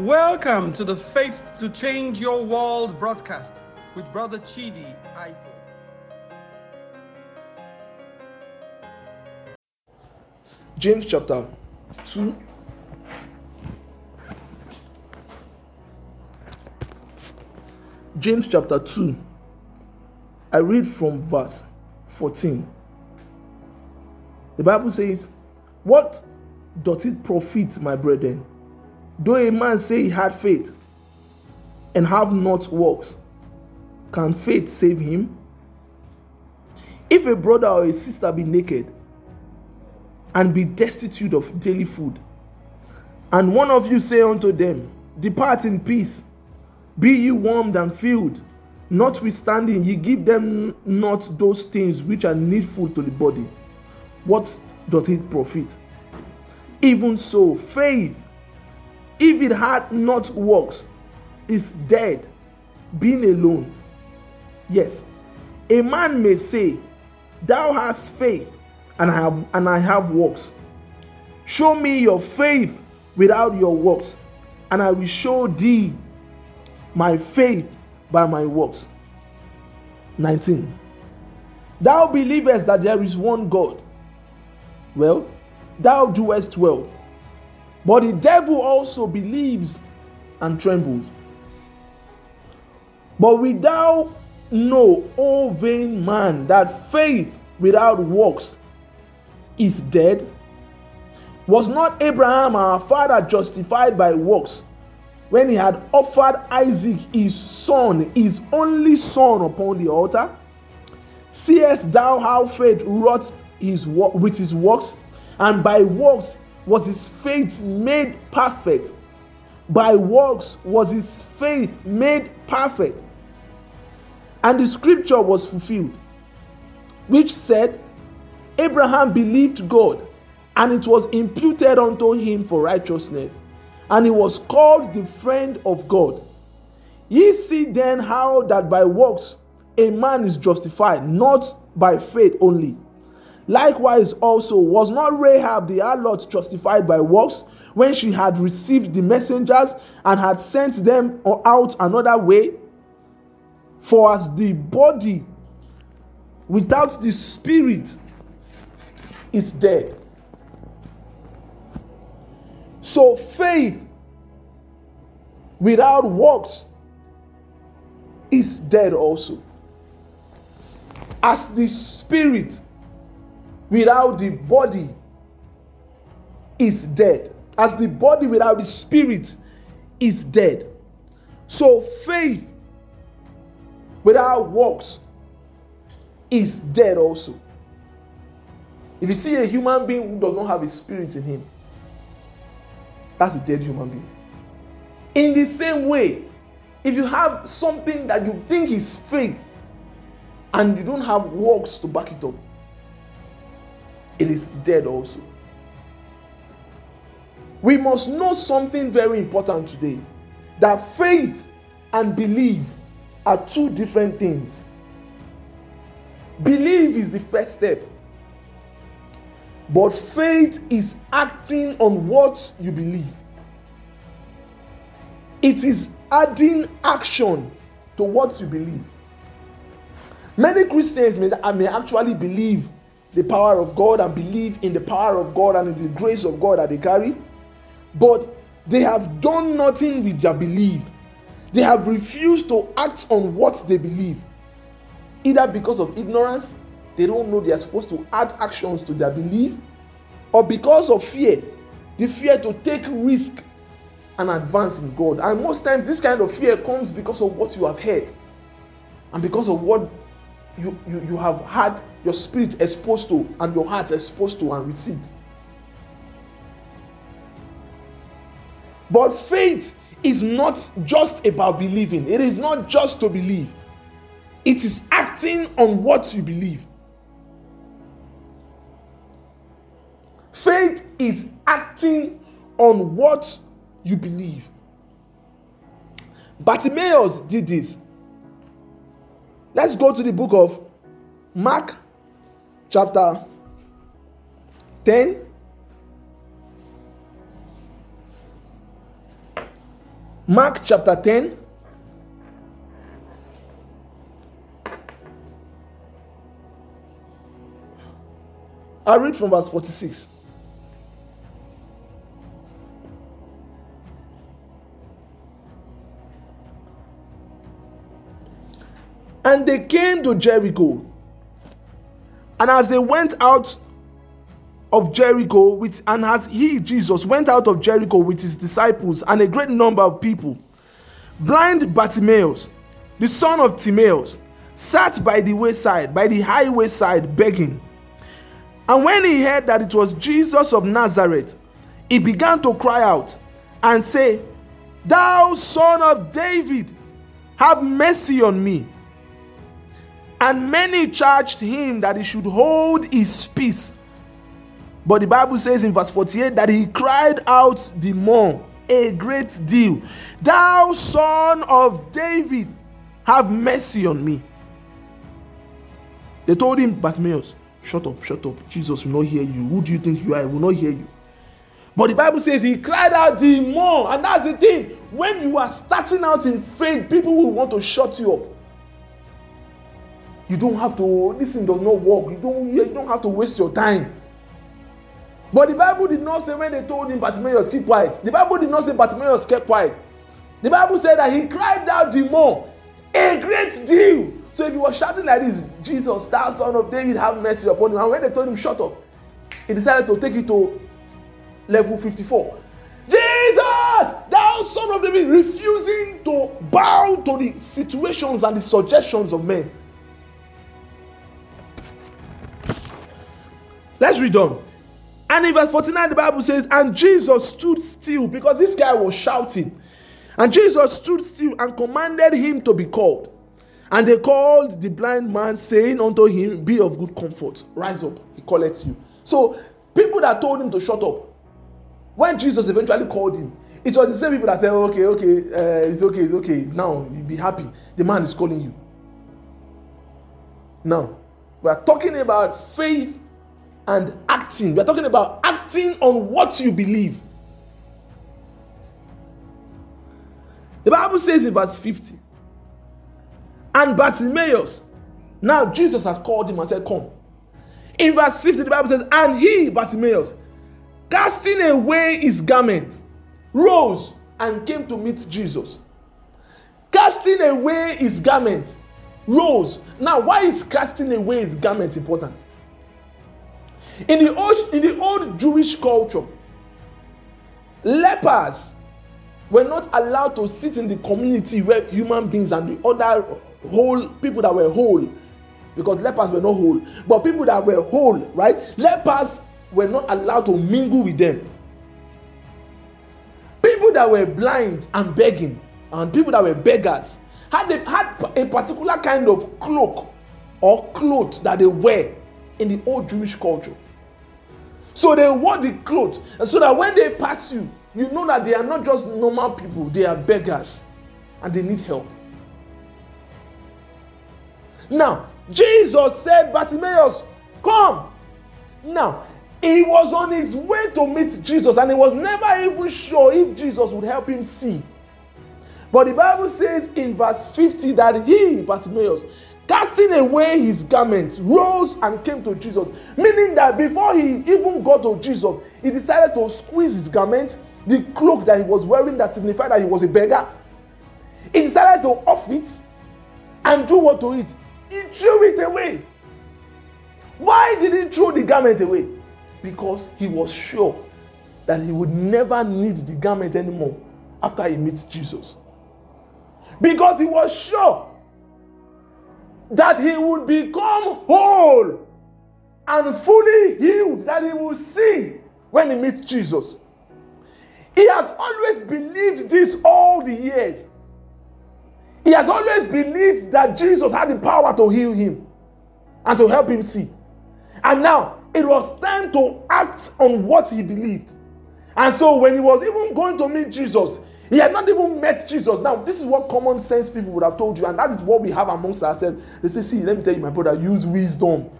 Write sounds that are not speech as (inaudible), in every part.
Welcome to the Faith to Change Your World broadcast with Brother Chidi Ifo. James chapter 2. James chapter 2. I read from verse 14. The Bible says, What doth it profit, my brethren? Though a man say he had faith and have not works, can faith save him? If a brother or a sister be naked and be destitute of daily food, and one of you say unto them, Depart in peace, be ye warmed and filled, notwithstanding ye give them not those things which are needful to the body, what doth it profit? Even so, faith if it had not works, is dead, being alone. Yes, a man may say, Thou hast faith, and I have and I have works. Show me your faith without your works, and I will show thee my faith by my works. 19. Thou believest that there is one God. Well, thou doest well. But the devil also believes and trembles. But without know, O vain man, that faith without works is dead. Was not Abraham our father justified by works when he had offered Isaac his son, his only son, upon the altar? Seest thou how faith wrought his with his works, and by works was his faith made perfect. By works was his faith made perfect. And the scripture was fulfilled, which said, Abraham believed God, and it was imputed unto him for righteousness, and he was called the friend of God. Ye see then how that by works a man is justified, not by faith only. Likewise, also, was not Rahab the harlot justified by works when she had received the messengers and had sent them out another way? For as the body without the spirit is dead. So faith without works is dead also. As the spirit without the body is dead, as the body without the spirit is dead. So faith without works is dead also. If you see a human being who does not have a spirit in him, that's a dead human being. In the same way, if you have something that you think is faith and you don't have works to back it up, it is dead also. We must know something very important today that faith and belief are two different things. Belief is the first step, but faith is acting on what you believe. It is adding action to what you believe. Many Christians may, may actually believe the power of God and believe in the power of God and in the grace of God that they carry, but they have done nothing with their belief. They have refused to act on what they believe, either because of ignorance, they don't know they are supposed to add actions to their belief, or because of fear, the fear to take risk and advance in God. And most times, this kind of fear comes because of what you have heard and because of what you, you, you have had your spirit exposed to and your heart exposed to and received. But faith is not just about believing, it is not just to believe, it is acting on what you believe. Faith is acting on what you believe. Bartimaeus did this. Let's go to the book of Mark chapter 10. Mark chapter 10. I read from verse 46. And they came to Jericho. And as they went out of Jericho with and as he Jesus went out of Jericho with his disciples and a great number of people, blind Bartimaeus, the son of Timaeus, sat by the wayside, by the highway side, begging. And when he heard that it was Jesus of Nazareth, he began to cry out and say, Thou son of David, have mercy on me. And many charged him that he should hold his peace. But the Bible says in verse 48 that he cried out the more a great deal, Thou son of David, have mercy on me. They told him, Bartimaeus, shut up, shut up. Jesus will not hear you. Who do you think you are? I will not hear you. But the Bible says he cried out the more. And that's the thing. When you are starting out in faith, people will want to shut you up. you don't have to this thing does not work you don't you don't have to waste your time but the bible did not say when they told him bartimaeus keep quiet the bible did not say bartimaeus keep quiet the bible said that he cried out the more a great deal so if he was shouting like this jesus thou son of david have mercy upon him and when they told him shut up he decided to take it to level fifty-four jesus thou son of david refusing to bow to the situations and the suggestions of men Let's read on. And in verse 49, the Bible says, And Jesus stood still because this guy was shouting. And Jesus stood still and commanded him to be called. And they called the blind man, saying unto him, Be of good comfort, rise up, he calleth you. So, people that told him to shut up, when Jesus eventually called him, it was the same people that said, Okay, okay, uh, it's okay, it's okay. Now, you be happy. The man is calling you. Now, we are talking about faith and acting. We're talking about acting on what you believe. The Bible says in verse 50 and Bartimaeus, now Jesus has called him and said, Come. In verse 50, the Bible says, And he, Bartimaeus, casting away his garment, rose and came to meet Jesus. Casting away his garment, rose. Now, why is casting away his garment important? In the old, in the old Jewish culture, lepers were not allowed to sit in the community where human beings and the other whole people that were whole, because lepers were not whole, but people that were whole, right? Lepers were not allowed to mingle with them. People that were blind and begging, and people that were beggars, had a, had a particular kind of cloak or cloth that they wear in the old Jewish culture. So they wore the clothes, and so that when they pass you, you know that they are not just normal people, they are beggars and they need help. Now, Jesus said, Bartimaeus, come. Now, he was on his way to meet Jesus and he was never even sure if Jesus would help him see. But the Bible says in verse 50 that he, Bartimaeus, casting away his garment rose and came to jesus meaning that before he even got to jesus he decided to squeeze his garment the cloak that he was wearing that signified that he was a beggar he decided to off it and do what to it he threw it away why did he throw the garment away because he was sure that he would never need the garment anymore after he meets jesus because he was sure that he would become whole and fully healed, that he will see when he meets Jesus. He has always believed this all the years. He has always believed that Jesus had the power to heal him and to help him see. And now it was time to act on what he believed. And so when he was even going to meet Jesus, He had not even met Jesus. Now, this is what common sense people would have told you, and that is what we have amongst ourselves. They say, See, let me tell you, my brother, use wisdom.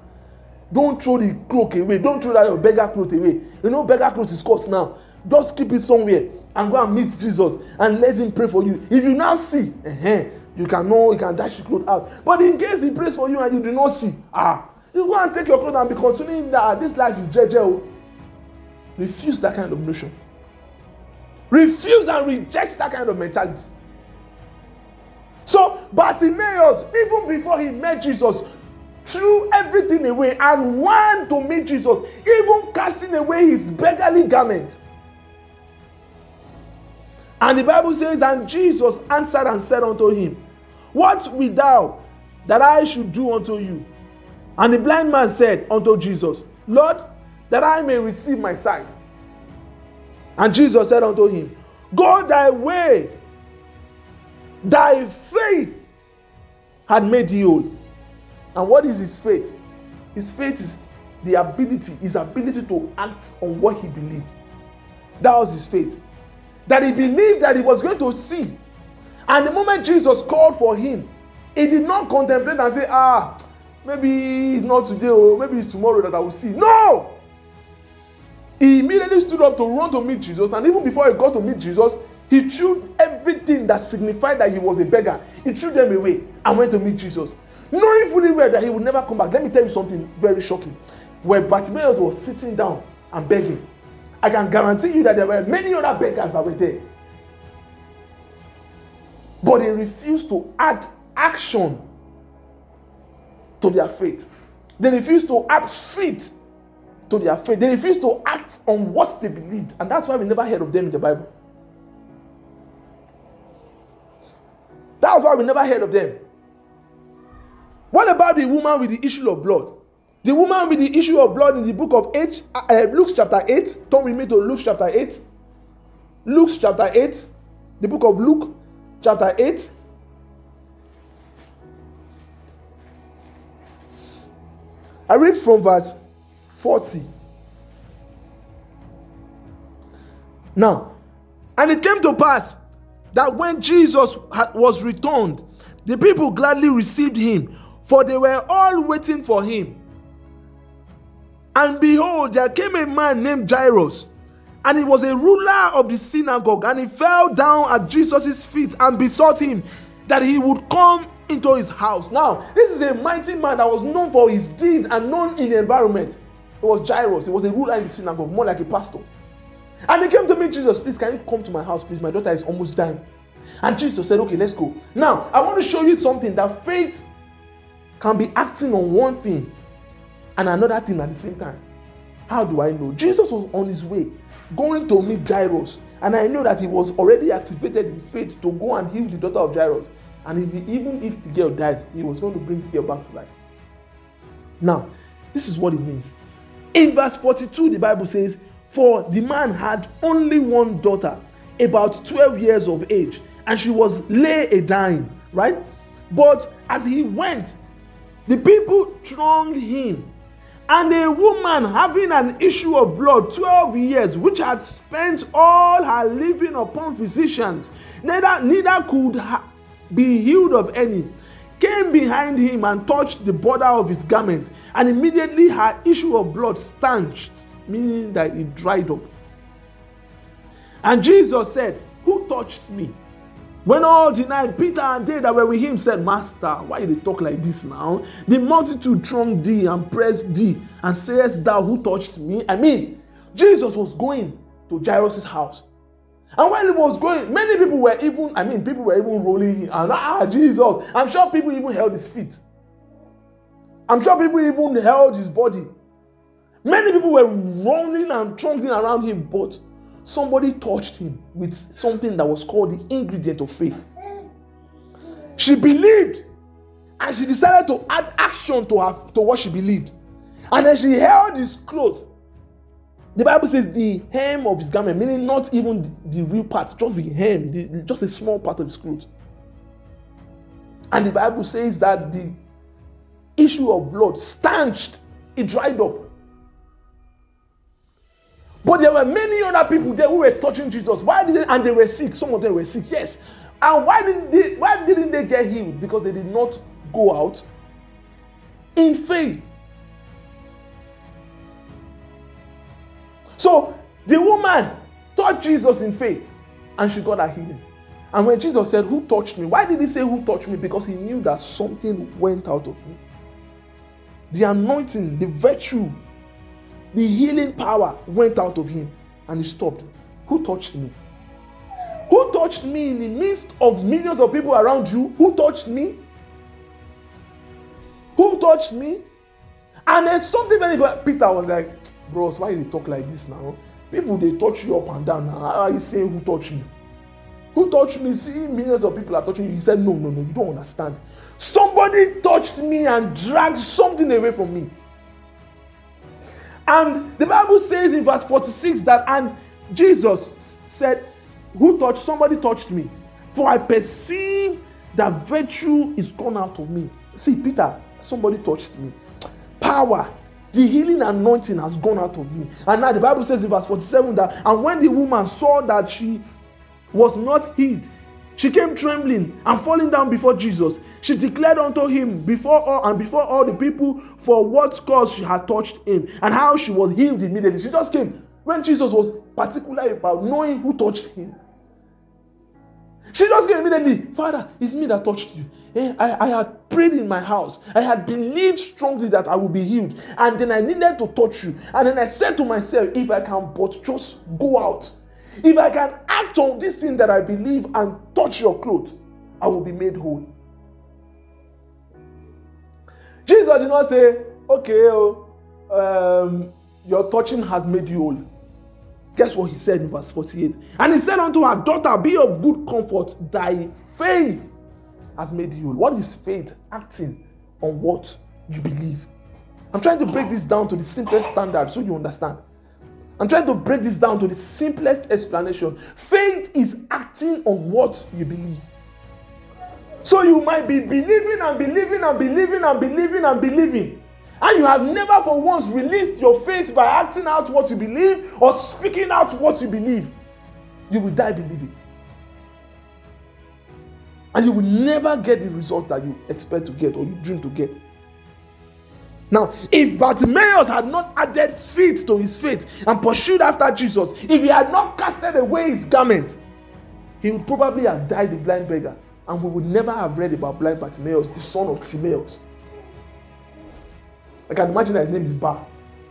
Don't throw the cloak away. Don't throw that your beggar cloth away. You know, beggar cloth is cost now. Just keep it somewhere and go and meet Jesus and let him pray for you. If you now see, uh-huh, you can know, you can dash your cloth out. But in case he prays for you and you do not see, ah, you go and take your cloth and be continuing that this life is jeje. Refuse that kind of notion. Refuse and reject that kind of mentality. So Bartimaeus, even before he met Jesus, threw everything away and ran to meet Jesus, even casting away his beggarly garment. And the Bible says, And Jesus answered and said unto him, What will thou that I should do unto you? And the blind man said unto Jesus, Lord, that I may receive my sight. And Jesus said unto him, Go thy way, thy faith had made thee whole. And what is his faith? His faith is the ability, his ability to act on what he believed. That was his faith. That he believed that he was going to see. And the moment Jesus called for him, he did not contemplate and say, Ah, maybe it's not today, or oh, maybe it's tomorrow that I will see. No! he immediately stood up to run to meet Jesus. And even before he got to meet Jesus, he threw everything that signified that he was a beggar, he threw them away and went to meet Jesus. Knowing fully well that he would never come back. Let me tell you something very shocking. Where Bartimaeus was sitting down and begging, I can guarantee you that there were many other beggars that were there. But they refused to add action to their faith. They refused to add faith to their faith. They refused to act on what they believed, and that's why we never heard of them in the Bible. That's why we never heard of them. What about the woman with the issue of blood? The woman with the issue of blood in the book of H, uh, uh Luke chapter 8. Turn with me to Luke chapter 8. Luke chapter 8. The book of Luke chapter 8. I read from verse 40. Now, and it came to pass that when Jesus was returned, the people gladly received him, for they were all waiting for him. And behold, there came a man named Jairus, and he was a ruler of the synagogue, and he fell down at Jesus' feet and besought him that he would come into his house. Now, this is a mighty man that was known for his deeds and known in the environment. It was Jairus. It was a ruler in the synagogue, more like a pastor. And he came to me, Jesus, please, can you come to my house, please? My daughter is almost dying. And Jesus said, okay, let's go. Now, I want to show you something that faith can be acting on one thing and another thing at the same time. How do I know? Jesus was on his way going to meet Jairus, and I know that he was already activated in faith to go and heal the daughter of Jairus. And if he, even if the girl dies, he was going to bring the girl back to life. Now, this is what it means In verse 42, the Bible says, For the man had only one daughter, about 12 years of age, and she was lay a dying, right? But as he went, the people thronged him. And a woman having an issue of blood 12 years, which had spent all her living upon physicians, neither, neither could ha- be healed of any came behind him and touched the border of his garment, and immediately her issue of blood stanched, meaning that it dried up. And Jesus said, Who touched me? When all denied, Peter and they that were with him said, Master, why they talk like this now? The multitude thronged thee and pressed thee and sayest thou who touched me? I mean, Jesus was going to Jairus' house And while he was going, many people were even, I mean, people were even rolling him. And ah, Jesus. I'm sure people even held his feet. I'm sure people even held his body. Many people were running and trundling around him, but somebody touched him with something that was called the ingredient of faith. She believed and she decided to add action to, her, to what she believed. And then she held his clothes the bible says the hem of his garment meaning not even the, the real part just the hem the, just a small part of his cloth and the bible says that the issue of blood stanched it dried up but there were many other people there who were touching jesus why did they and they were sick some of them were sick yes and why didn't they why didn't they get healed because they did not go out in faith So the woman touched Jesus in faith and she got her healing. And when Jesus said, Who touched me? Why did he say, Who touched me? Because he knew that something went out of me. The anointing, the virtue, the healing power went out of him and he stopped. Who touched me? Who touched me in the midst of millions of people around you? Who touched me? Who touched me? And then something very Peter was like, bros why you dey talk like this now people dey touch you up and down now how are you saying who touch me who touch me see millions of people are touching you he said no no no you don't understand somebody touched me and dragged something away from me and the bible says in verse forty-six that and jesus said who touched somebody touched me for i perceive that virtue is gone out of me see peter somebody touched me power the healing anointing has gone out of me. And now the Bible says in verse 47 that, and when the woman saw that she was not healed, she came trembling and falling down before Jesus. She declared unto him before all and before all the people for what cause she had touched him and how she was healed immediately. She just came when Jesus was particular about knowing who touched him. She just came immediately. Father, it's me that touched you. Eh, I, I had prayed in my house. I had believed strongly that I would be healed. And then I needed to touch you. And then I said to myself, if I can but just go out, if I can act on this thing that I believe and touch your clothes, I will be made whole. Jesus did not say, okay, oh, um, your touching has made you whole. Guess what he said in verse 48? And he said unto her, Daughter, be of good comfort, thy faith has made you. What is faith? Acting on what you believe. I'm trying to break this down to the simplest standard so you understand. I'm trying to break this down to the simplest explanation. Faith is acting on what you believe. So you might be believing and believing and believing and believing and believing, and you have never for once released your faith by acting out what you believe or speaking out what you believe, you will die believing. And you will never get the result that you expect to get or you dream to get. Now, if Bartimaeus had not added faith to his faith and pursued after Jesus, if he had not casted away his garment, he would probably have died a blind beggar. And we would never have read about blind Bartimaeus, the son of Timaeus. I can imagine that his name is Bar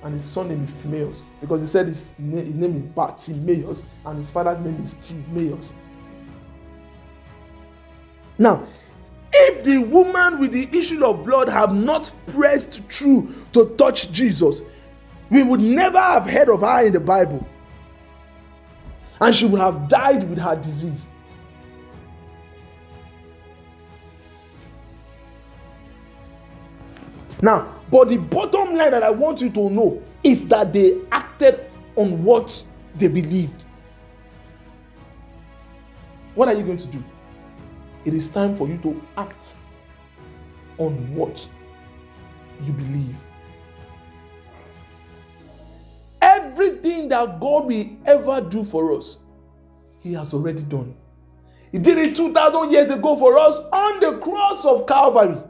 and his son name is Timaeus because he said his, na- his name is Timaeus, and his father's name is Timaeus. Now, if the woman with the issue of blood have not pressed through to touch Jesus, we would never have heard of her in the Bible. And she would have died with her disease. Now, but the bottom line that I want you to know is that they acted on what they believed. What are you going to do? It is time for you to act on what you believe. Everything that God will ever do for us, He has already done. He did it 2,000 years ago for us on the cross of Calvary.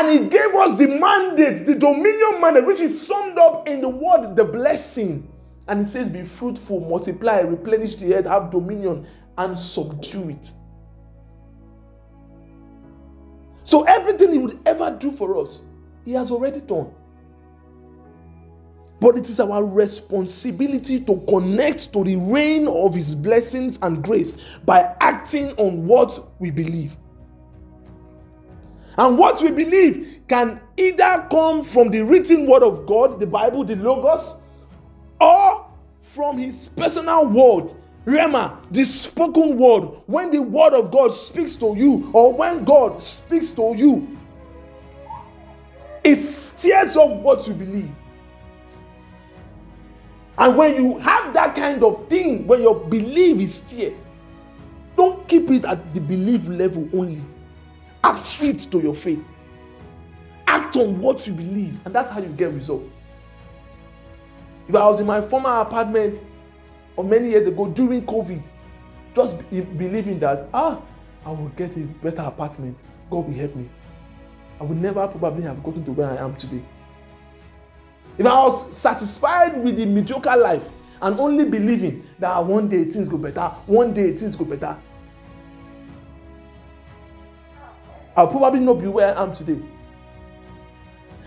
And he gave us the mandate, the dominion mandate, which is summed up in the word the blessing. And it says, Be fruitful, multiply, replenish the earth, have dominion, and subdue it. So everything he would ever do for us, he has already done. But it is our responsibility to connect to the reign of his blessings and grace by acting on what we believe. And what we believe can either come from the written word of God, the Bible, the Logos, or from his personal word, Rema, the spoken word. When the word of God speaks to you, or when God speaks to you, it stirs up what you believe. And when you have that kind of thing, when your belief is stirred, don't keep it at the belief level only. Act fit to your faith. Act on what you believe, and that's how you get results. If I was in my former apartment or many years ago during COVID, just be believing that, ah, I will get a better apartment. God will help me. I would never probably have gotten to where I am today. If I was satisfied with the mediocre life and only believing that one day things go better, one day things go better, I'll probably not be where I am today.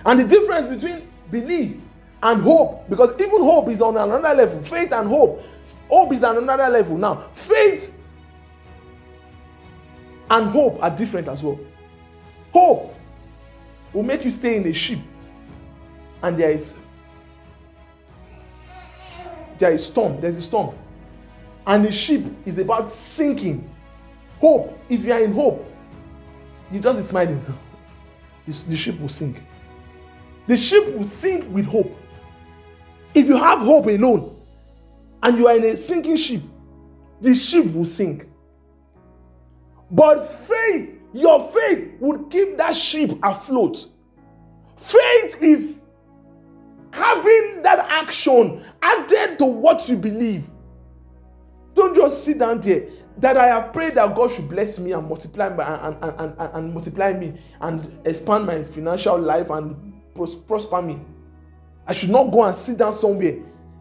And the difference between belief and hope, because even hope is on another level, faith and hope. Hope is on another level. Now, faith and hope are different as well. Hope will make you stay in a ship, and there is there is storm. There's a storm, and the ship is about sinking. Hope, if you are in hope, you just be smiling. (laughs) The, the will sink. The ship will sink with hope. If you have hope alone and you are in a sinking ship, the ship will sink. But faith, your faith would keep that ship afloat. Faith is having that action added to what you believe. Don't just sit down there that I have prayed that God should bless me and multiply my, and, and, and, and multiply me and expand my financial life and prosper me. I should not go and sit down somewhere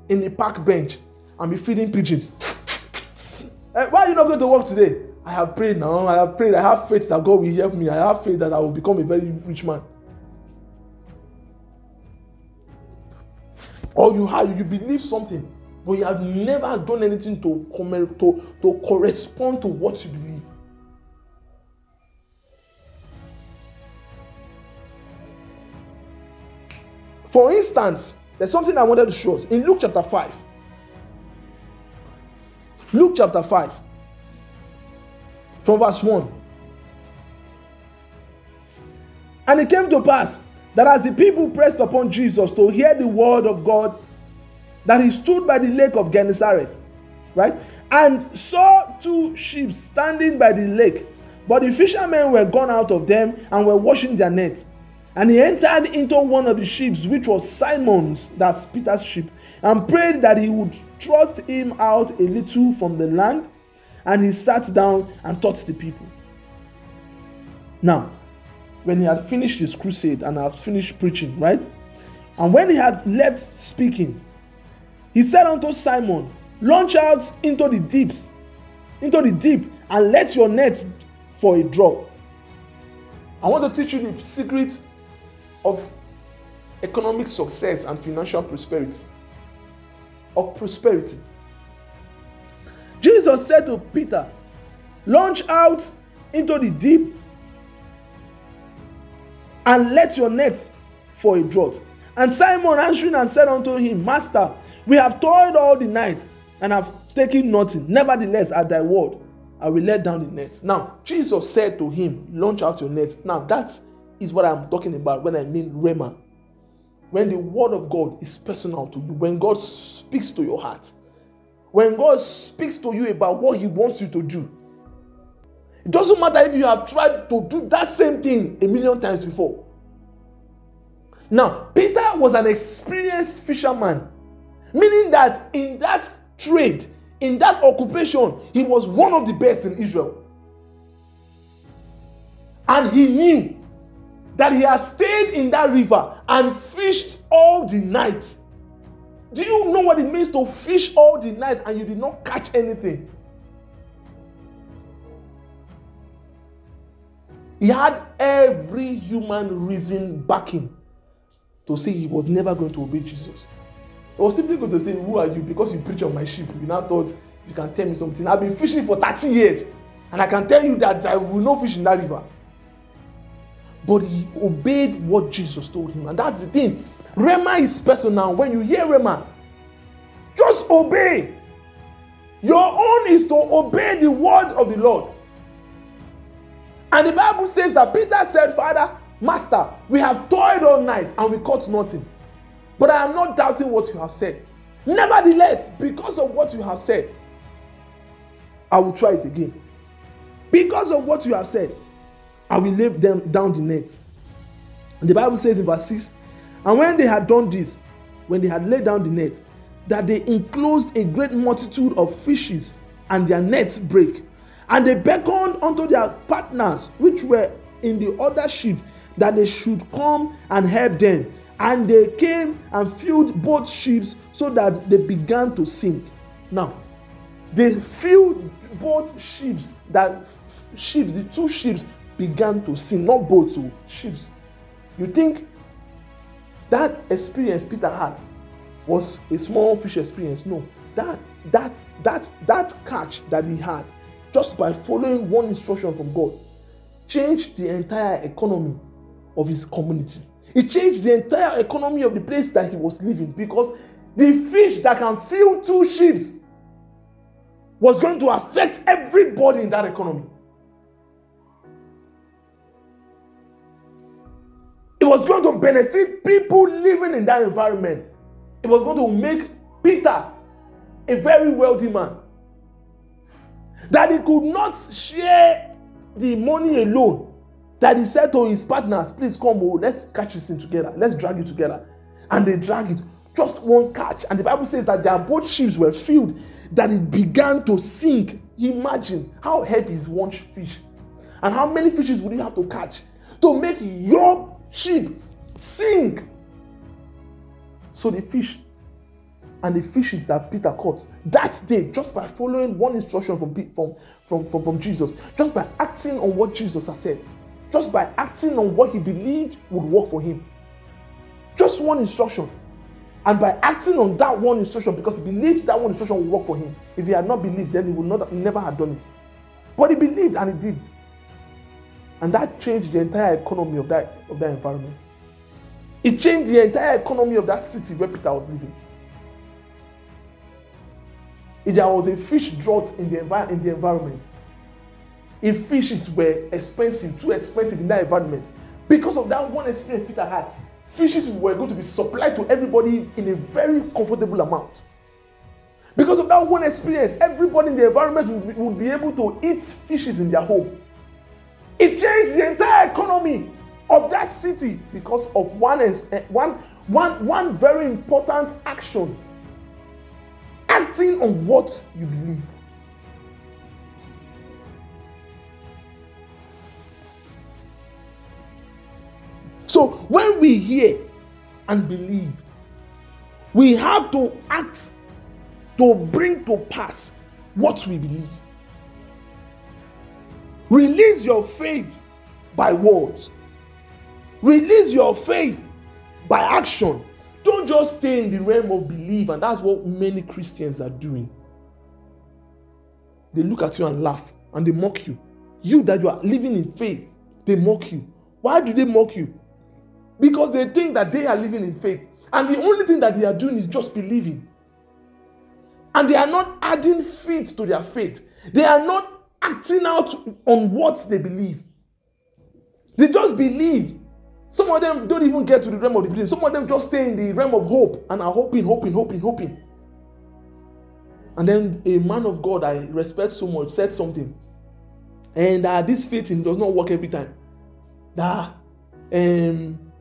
in the park bench and be feeding pigeons. (laughs) Eh, why are you not going to work today? I have prayed now. I have prayed. I have faith that God will help me. I have faith that I will become a very rich man. Or you have you believe something but you have never done anything to comment to, to correspond to what you believe. For instance, there's something I wanted to show us in Luke chapter 5. Luke chapter 5, from verse 1. And it came to pass that as the people pressed upon Jesus to hear the word of God, that he stood by the lake of Gennesaret, right? And saw two sheep standing by the lake, but the fishermen were gone out of them and were washing their net. And he entered into one of the ships, which was Simon's, that's Peter's ship, and prayed that he would thrust him out a little from the land. And he sat down and taught the people. Now, when he had finished his crusade and had finished preaching, right? And when he had left speaking, he said unto Simon, Launch out into the deeps, into the deep, and let your net for a drop. I want to teach you the secret of economic success and financial prosperity. Of prosperity. Jesus said to Peter, Launch out into the deep and let your net for a draught. And Simon answering and said unto him, Master, we have toiled all the night and have taken nothing. Nevertheless, at thy word, I will let down the net. Now, Jesus said to him, Launch out your net. Now, that is what I'm talking about when I mean Rema. When the word of God is personal to you, when God speaks to your heart, when God speaks to you about what He wants you to do, it doesn't matter if you have tried to do that same thing a million times before. Now, Peter was an experienced fisherman Meaning that in that trade, in that occupation, he was one of the best in Israel. And he knew that he had stayed in that river and fished all the night. Do you know what it means to fish all the night and you did not catch anything? He had every human reason backing to say he was never going to obey Jesus. It was simply good to say, Who are you? Because you preach on my sheep. You now thought you can tell me something. I've been fishing for 30 years, and I can tell you that I will not fish in that river. But he obeyed what Jesus told him. And that's the thing. Rema is personal. When you hear Rema, just obey. Your own is to obey the word of the Lord. And the Bible says that Peter said, Father, Master, we have toiled all night and we caught nothing. But I am not doubting what you have said. Nevertheless, because of what you have said, I will try it again. Because of what you have said, I will lay them down the net. And the Bible says in verse 6 And when they had done this, when they had laid down the net, that they enclosed a great multitude of fishes, and their nets break, And they beckoned unto their partners, which were in the other ship, that they should come and help them. And they came and filled both ships so that they began to sink. Now, they filled both ships that ships, the two ships began to sink, not boats, ships. You think that experience Peter had was a small fish experience? No, that that that that catch that he had just by following one instruction from God changed the entire economy of his community. He changed the entire economy of the place that he was living because the fish that can fill two ships was going to affect everybody in that economy. It was going to benefit people living in that environment. It was going to make Peter a very wealthy man. That he could not share the money alone that he said to his partners, Please come, oh, let's catch this thing together. Let's drag it together. And they drag it. Just one catch. And the Bible says that their both ships were filled, that it began to sink. Imagine how heavy is one fish. And how many fishes would you have to catch to make your ship sink? So the fish and the fishes that Peter caught that day, just by following one instruction from, from, from, from, Jesus, just by acting on what Jesus has said, just by acting on what he believed would work for him. Just one instruction. And by acting on that one instruction, because he believed that one instruction would work for him, if he had not believed, then he would not he never have done it. But he believed and he did. And that changed the entire economy of that, of that environment. It changed the entire economy of that city where Peter was living. If there was a fish drought in the, envi- in the environment, If fishes were expensive, too expensive in that environment, because of that one experience Peter had, fishes were going to be supplied to everybody in a very comfortable amount. Because of that one experience, everybody in the environment would be, would be able to eat fishes in their home. It changed the entire economy of that city because of one, eh, one, one, one very important action acting on what you believe. So when we hear and believe, we have to act to bring to pass what we believe. Release your faith by words. Release your faith by action. Don't just stay in the realm of belief, and that's what many Christians are doing. They look at you and laugh and they mock you. You that you are living in faith, they mock you. Why do they mock you? because they think that they are living in faith. And the only thing that they are doing is just believing. And they are not adding faith to their faith, they are not acting out on what they believe. They just believe. Some of them don't even get to the realm of the belief. Some of them just stay in the realm of hope and are hoping, hoping, hoping, hoping. And then a man of God I respect so much said something. And uh, this faith does not work every time. That um,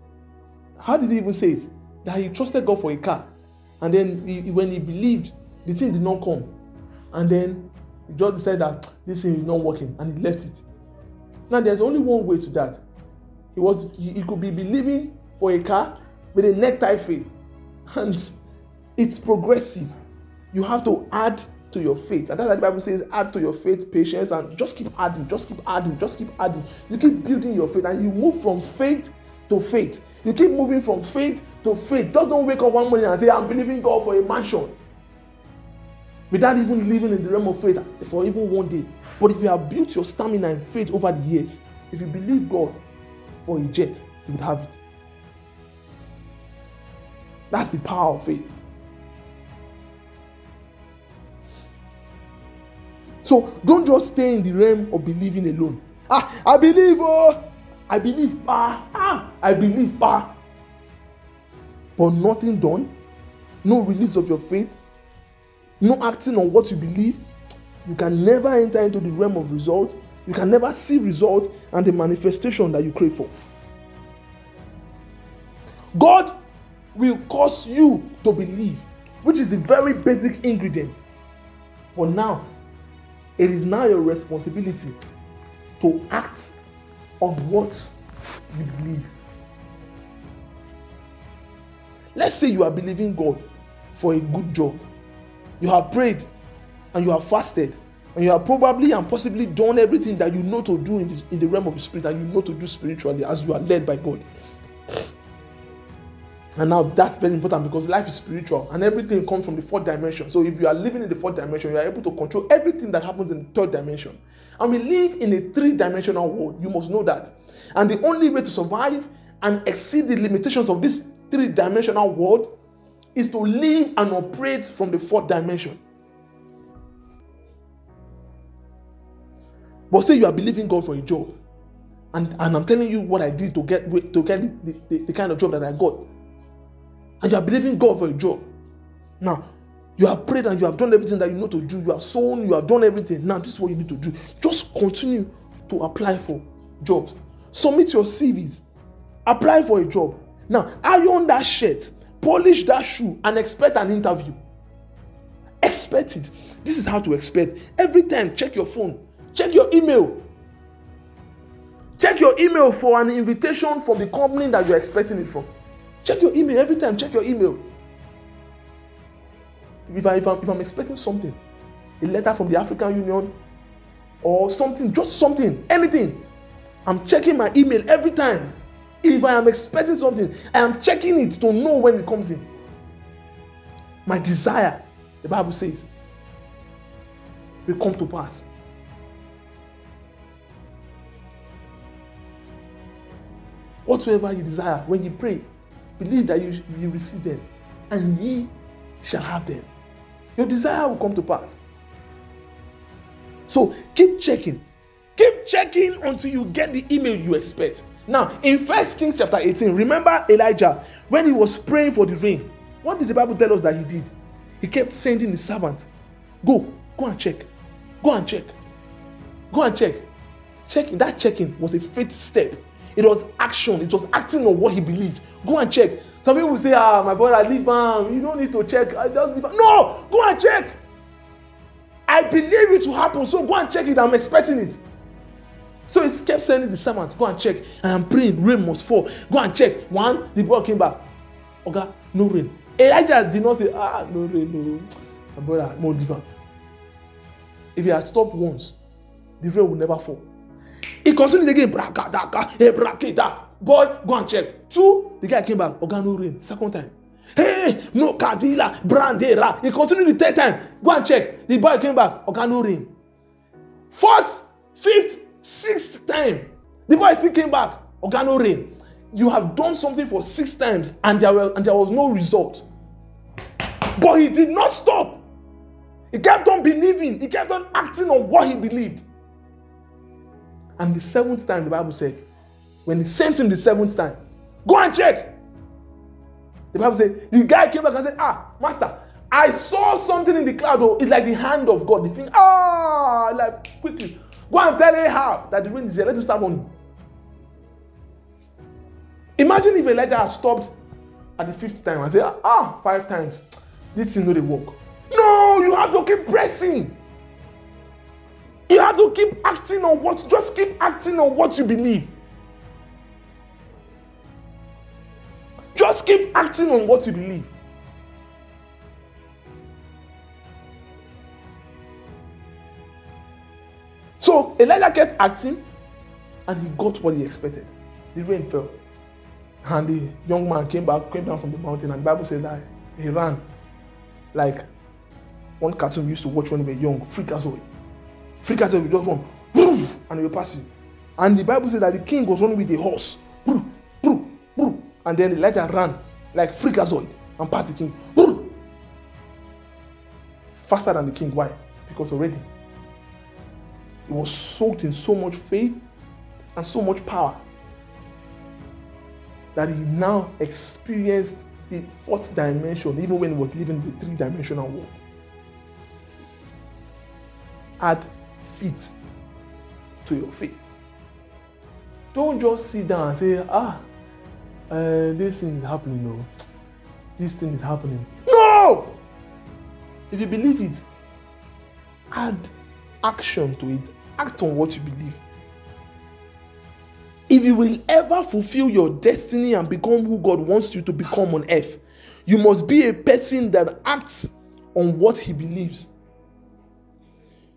how did he even say it? That he trusted God for a car. And then he, when he believed, the thing did not come. And then he just decided that this thing is not working and he left it. Now there's only one way to that. He was he, he could be believing for a car with a necktie faith. (laughs) And it's progressive. You have to add to your faith. And that's why the Bible says, add to your faith patience and just keep adding, just keep adding, just keep adding. You keep building your faith and you move from faith to faith. You keep moving from faith to faith. Just don't wake up one morning and say, I'm believing God for a mansion. Without even living in the realm of faith for even one day. But if you have built your stamina and faith over the years, if you believe God for a jet, you would have it. That's the power of faith. So don't just stay in the realm of believing alone. Ah, I believe, oh, I believe, ah, ah, I believe, but nothing done, no release of your faith, no acting on what you believe, you can never enter into the realm of results. You can never see results and the manifestation that you crave for. God will cause you to believe, which is a very basic ingredient. But now, it is now your responsibility to act on what you believe. Let's say you are believing God for a good job. You have prayed and you have fasted and you have probably and possibly done everything that you know to do in the, in the realm of the spirit and you know to do spiritually as you are led by God. And now that's very important because life is spiritual and everything comes from the fourth dimension. So if you are living in the fourth dimension, you are able to control everything that happens in the third dimension. And we live in a three dimensional world. You must know that. And the only way to survive and exceed the limitations of this three dimensional world is to live and operate from the fourth dimension. But say you are believing God for a job, and, and I'm telling you what I did to get to get the, the, the kind of job that I got. And you are believing God for a job. Now, you have prayed and you have done everything that you know to do. You have sown, you have done everything. Now, this is what you need to do. Just continue to apply for jobs. Submit your CVs. Apply for a job. Now, iron that shirt, polish that shoe, and expect an interview. Expect it. This is how to expect. Every time, check your phone, check your email. Check your email for an invitation from the company that you're expecting it from. Check your email every time, check your email. If, I, if, I'm, if I'm expecting something, a letter from the African Union or something, just something, anything, I'm checking my email every time if I am expecting something, I am checking it to know when it comes in. My desire, the Bible says, will come to pass. Whatever you desire, when you pray, believe that you, you receive them, and ye shall have them. Your desire will come to pass. So keep checking. Keep checking until you get the email you expect. Now, in First Kings chapter eighteen, remember Elijah when he was praying for the rain. What did the Bible tell us that he did? He kept sending his servant, Go, go and check. Go and check. Go and check. Checking, that checking was a faith step. It was action. It was acting on what he believed. Go and check. Some people say, Ah, my brother, leave him. You don't need to check. I just leave him. No, go and check. I believe it will happen, so go and check it. I'm expecting it. So he kept sending the servant, go and check. I am praying, rain must fall. Go and check. One, the boy came back. Oga, okay, no rain. Elijah did not say, ah, no rain, no. My brother, no give up. If he had stopped once, the rain would never fall. He continued again, brakadaka, ebrakeda. Eh, boy, go and check. Two, the guy came back, Oga, okay, no rain. Second time. Hey, no kadila, brandera. He continued the third time. Go and check. The boy came back, Oga, okay, no rain. Fourth, fifth, Sixth time. The boy still came back. Organo rain. You have done something for six times and there, were, and there was no result. But he did not stop. He kept on believing. He kept on acting on what he believed. And the seventh time, the Bible said, when he sent him the seventh time, go and check. The Bible said, the guy came back and said, Ah, master, I saw something in the cloud. Oh, it's like the hand of God. The thing, ah, like quickly. Go and tell Ahab that the rain is here. Let him start running. Imagine if Elijah had stopped at the fifth time and say, ah, five times. This thing no dey work. No, you have to keep pressing. You have to keep acting on what, just keep acting on what you believe. Just keep acting on what you believe. So Elijah kept acting and he got what he expected. The rain fell. And the young man came back, came down from the mountain, and the Bible said that he ran like one cartoon we used to watch when we were young, freak us away. Freak us away, just run, boom, and we will pass And the Bible said that the king was running with a horse, and then Elijah ran like freakazoid and passed the king, faster than the king. Why? Because already he was soaked in so much faith and so much power that he now experienced the fourth dimension, even when he was living the three dimensional world. Add feet to your faith. Don't just sit down and say, ah, uh, this thing is happening, no. Oh. This thing is happening. No! If you believe it, add action to it, act on what you believe. If you will ever fulfill your destiny and become who God wants you to become on earth, you must be a person that acts on what he believes.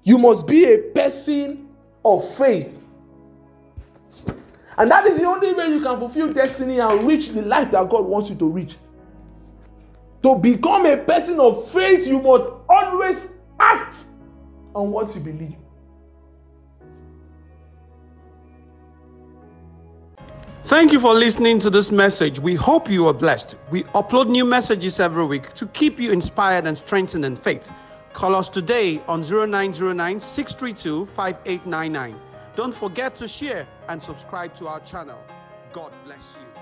You must be a person of faith. And that is the only way you can fulfill destiny and reach the life that God wants you to reach. To become a person of faith, you must always act on what you believe. Thank you for listening to this message. We hope you are blessed. We upload new messages every week to keep you inspired and strengthened in faith. Call us today on 0909 632 5899. Don't forget to share and subscribe to our channel. God bless you.